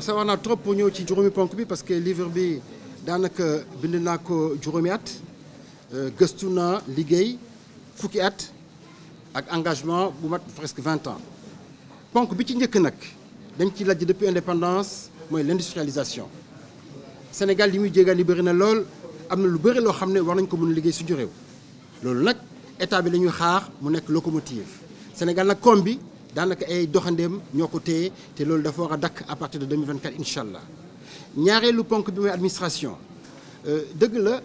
sawar naa trop pour ñëw ci juróomi ponk bi parce que livre bi daanaka bind naa ko juróomi at euh, gëstu naa liggéey fukki at ak engagement bu mat presque vingt ans ponk bi ci njëkk nag dañ ci lajj depuis indépendance mooy l'industrialisation Sénégal li muy jéegaan yi na lool am na lu bëri loo xam ne war nañ ko mën liggéey suñu réew loolu nag état bi la ñuy xaar mu nekk locomotive Sénégal nag koom bi daanaka ay doxandeem ñoo ko téye te loolu dafa war a dakk à partir de 2024 incha allah ñaareelu ponk bi mooy administration euh, dëgg la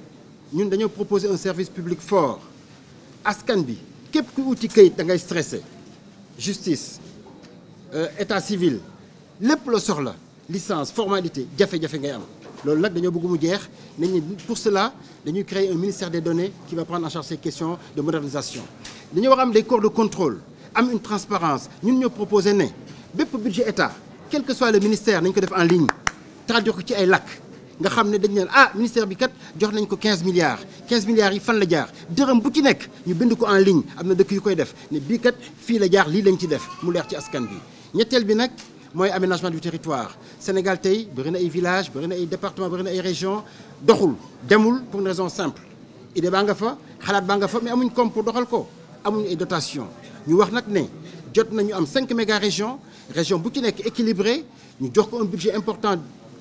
ñun dañoo proposer un service public fort askan bi képp ku uti kayit da ngay stressé justice euh, état civil lépp la soxla licence formalité jafe-jafe ngay am. loolu nag dañoo bëgg mu jeex nañu pour cela dañuy créer un ministère des données qui va prendre en charge ces questions de modernisation dañu war am des corps de contrôle am une transparence ñun ñoo proposé ne bépp budget état quel que soit le ministère nañ ko def en ligne traduire ko ci ay làkk nga xam ne dañ naan ah ministère bi kat jox nañ ko 15 milliards 15 milliards yi fan la jaar dërëm bu ci nekk ñu bind ko en ligne am na dëkk yu koy def ne bii kat fii la jaar lii lañ ci def mu leer ci askan bi ñetteel bi nag mooy aménagement du territoire Sénégal tey bëri na ay village bëri na département bëri na ay région doxul demul pour une raison simple idée baa nga fa xalaat baa nga fa mais amuñ koom pour doxal ko amuñ ay dotation ñu wax nag ne jot nañu am 5 méga région région bu ci nekk équilibré ñu jox ko un budget important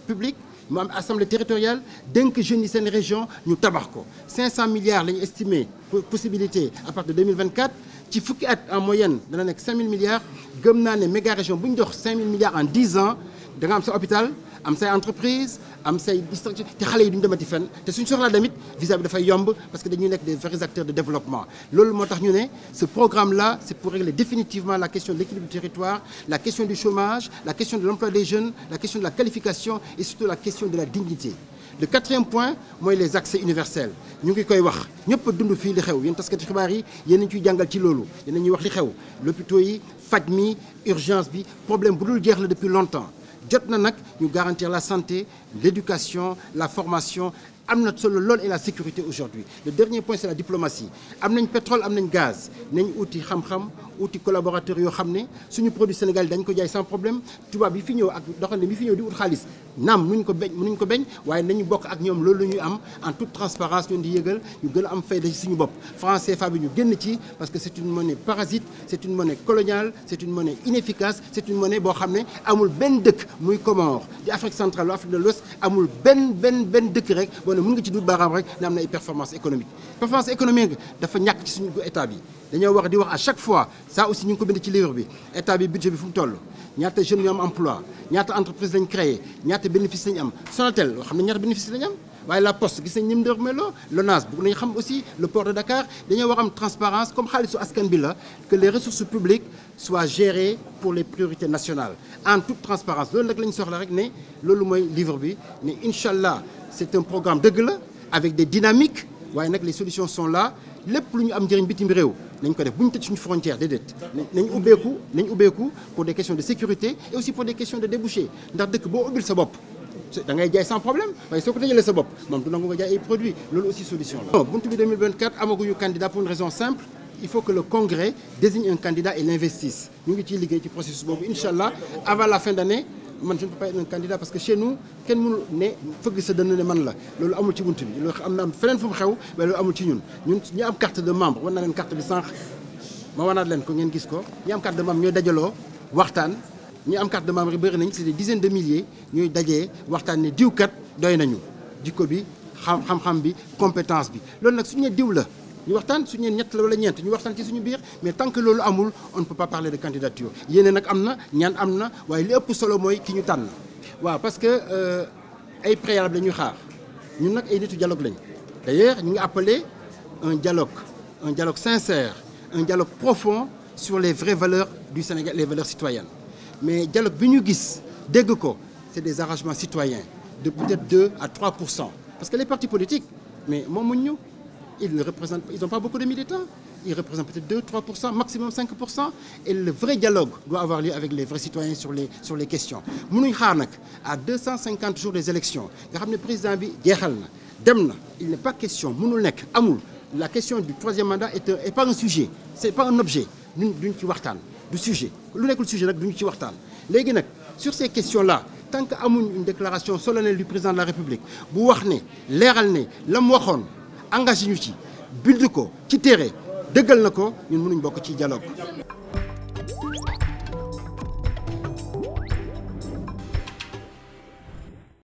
public mu am assemblée territoriale dénk jeunes yi seen région ñu tabax ko 500 milliards la ñu estimé possibilité à partir de 2024 ci fukki at en moyenne dana nekk 5000 milliards gëm naa ne méga région ñu jox 5000 milliards en 10 ans da nga am sa hôpital am say entreprise am say district te xale yi duñu demati fenn te suñu soxlaa tamit visa bi dafay yomb parce que dañuy nekk des vrais acteurs de développement la question du chômage la question de l'emploi des jeunes la question de la qualification et surtout la question de la dignité le quatrième point mooy les accès universels ñu ngi koy wax ñëpp dund fii li xew yéen taskati xibaar yi yéen ñu ciy jàngal ci loolu yéen a wax li xew l'hôpital yi faj mi urgence bi problème bu dul jeex la depuis longtemps jot na nag ñu garantir la santé l'éducation la formation am na solo lool et la sécurité aujourd'hui le dernier point c'est la diplomatie am nañ pétrole am nañ gaz nañ uti xam-xam uti collaborateur yoo xam ne suñu produit Sénégal dañ ko jaay sans problème tubaab yi fi ñëw ak doxalin bi fi ñëw di ut xaalis naam nuñ ko beñ nuñ ko beñ waaye nañu bokk ak ñoom loolu la ñuy am en toute transparence ñun di yëgal ñu gën a am fayda ci suñu bopp franc CFA bi ñu génn ci parce que c'est une monnaie parasite c'est une monnaie coloniale c'est une monnaie inefficace c'est boo xam ne amul benn dëkk muy Comore ci Afrique centrale Afrique de l'Ouest amul benn benn benn dëkk rek boo ne mën nga ci dut baaraam rek ne am na ay performance économique performance économique dafa ñàkk ci suñu état bi dañoo wax di wax à chaque fois ça aussi ñu ngi ko bind ci livre bi état bi budget bi fu mu toll ñaata jeunes ñu am emploi ñaata entreprise lañ créé ñaata bénéfice lañ am Sonatel yoo xam ne ñaata bénéfice lañ am waaye la poste gis nañ ñim def meloo l'ONAS bëgg nañ xam aussi le port de Dakar dañoo war am transparence comme xaalisu askan bi la que les ressources publiques soient gérées pour les priorités nationales en toute transparence loolu nag la ñu soxla rek ne loolu mooy livre bi mais incha allah c'est un programme dëgg la avec des dynamiques waaye nag les solutions sont là lépp lu ñu am njëriñ bitim réew nañ ko def bu ñu tëj suñu frontière déedéet nañ ubbeeku nañ ubbeeku pour des questions de sécurité et aussi pour dëkk boo ubbil sa bopp da ngay jaay sans problème waaye soo ko tëjalee sa bopp moom du nangu nga jaay ay produits loolu aussi solution la. non buntu bi amaguñu candidat pour une raison simple il faut que le congrès désigne un candidat et l'investisse ñu ngi ciy liggéey ci processus boobu incha allah avant la fin d'année man je ne peux pas un candidat parce que chez nous kenn mënul ne fëgg sa dënn ne man la loolu amul ci bunt bi loolu am na feneen fu xew mais loolu amul ci ñun ñun ñu am carte de membre war na leen carte bi sànq ma leen ko ngeen gis ko ñu am carte de membre ñooy waxtaan. ñu am carte de membre yi bëri nañ c'est des dizaines de milliers ñuy dajee waxtaan ne diw kat doy nañu jikko bi xam xam bi compétence bi loolu nag suñu ne diw la ñu waxtaan su ñu ñett la wala ñeent ñu waxtaan ci suñu biir mais tant que loolu amul on ne peut pas parler de candidature yéene nag am na ñaan am na waaye li ëpp solo mooy ki ñu tànn waaw parce que euh, ay préalable la xaar ñun nag ay nitu jaloog lañ d'ailleurs ñu ngi appelé un dialogue un dialogue sincère un dialogue profond sur valeurs du Sénégal les valeurs citoyennes mais dialogue bi ñu gis dégg ko c'est des arrangements citoyens de peut-être 2 à 3 pour cent parce que les partis politiques mais moomuñ ñu ils ne représentent ils n'ont pas beaucoup de militants ils représentent peut-être 2 3 pour cent maximum 5 pour cent et le vrai dialogue doit avoir lieu avec les vrais citoyens sur les sur les questions mënuñ xaar nag à 250 jours des élections nga xam ne président bi jeexal na dem na il n'est pas question mënul nekk amul la question du troisième mandat est, est pas un sujet c'est pas un objet ñun duñ ci waxtaan du sujet lu nekkul sujet nag duñu ci waxtaan léegi nag sur ces questions la tant que amuñ une déclaration solennelle du président de la république bu wax ne leeral ne la mu waxoon engagé ñu ci bind ko ci téere dëggal na ko ñun mënuñ bokk ci dialogue